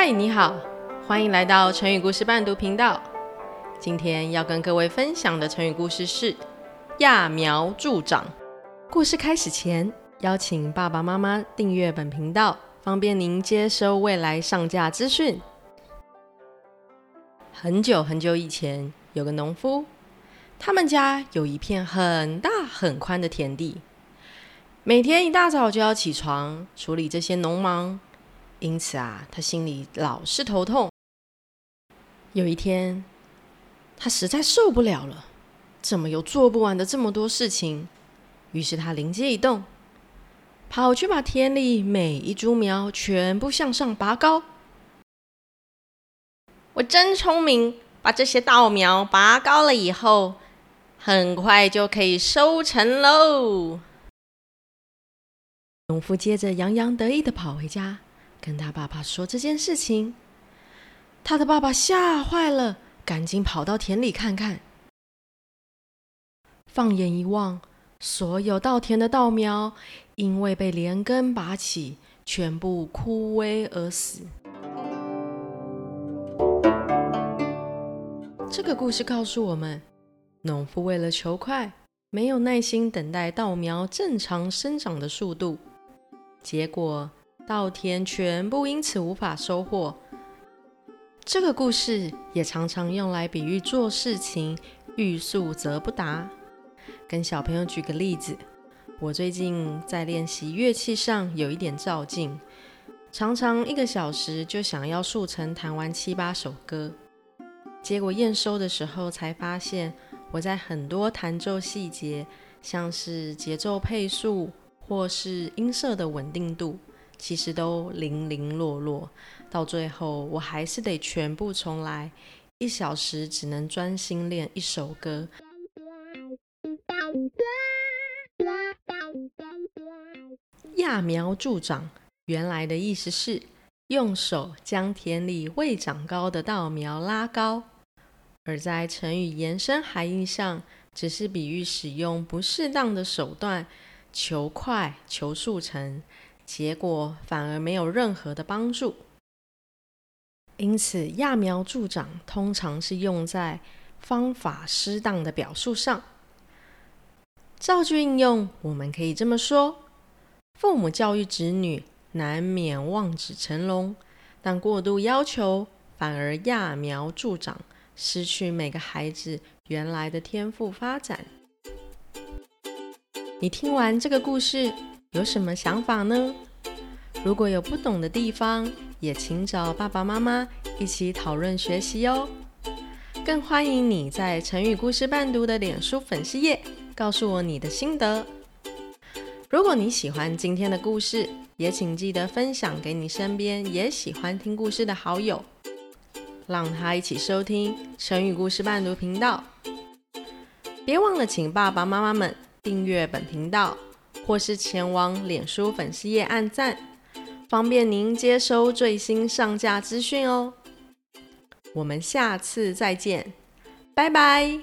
嗨，Hi, 你好，歡迎來到成語故事伴讀頻道。今天要跟各位分享的成語故事是“揠苗助長”。故事開始前，邀請爸爸媽媽訂閱本頻道，方便您接收未來上架資訊。很久很久以前，有個農夫，他們家有一片很大很寬的田地，每天一大早就要起床處理這些農忙。因此啊，他心裡老是頭痛。有一天，他實在受不了了，怎麼又做不完的這麼多事情？於是他靈機一動，跑去把田裡每一株苗全部向上拔高。我真聰明，把這些稻苗拔高了以後，很快就可以收成嘍。農夫接着洋洋得意的跑回家。跟他爸爸說這件事情，他的爸爸嚇壞了，趕緊跑到田裡看看。放眼一望，所有稻田的稻苗因為被連根拔起，全部枯萎而死。這個故事告訴我們，農夫為了求快，沒有耐心等待稻苗正常生長的速度，結果，稻田全部因此無法收穫。這個故事也常常用來比喻做事情欲速則不達。跟小朋友舉個例子，我最近在練習樂器上有一點躁進，常常一個小時就想要速成彈完七八首歌。結果驗收的時候才發現，我在很多彈奏細節，像是節奏配速或是音色的穩定度。其實都零零落落，到最後我還是得全部重來。一小時只能專心練一首歌。揠苗助長，原來的意思是用手將田裡未長高的稻苗拉高，而在成語延伸含義上，只是比喻使用不適當的手段，求快，求速成。結果反而沒有任何的幫助，因此揠苗助長通常是用在方法失當的表述上。造句應用，我們可以這麼說：父母教育子女難免望子成龍，但過度要求反而揠苗助長，失去每個孩子原來的天賦發展。你聽完這個故事，有什麼想法呢？如果有不懂的地方，也請找爸爸媽媽一起討論學習哦。更歡迎你在成語故事伴讀的臉書粉絲頁告訴我你的心得。如果你喜歡今天的故事，也請記得分享給你身邊也喜歡聽故事的好友，讓他一起收聽成語故事伴讀頻道。別忘了，請爸爸媽媽們訂閱本頻道。或是前往臉書粉絲頁按讚，方便您接收最新上架資訊哦。我們下次再見，拜拜。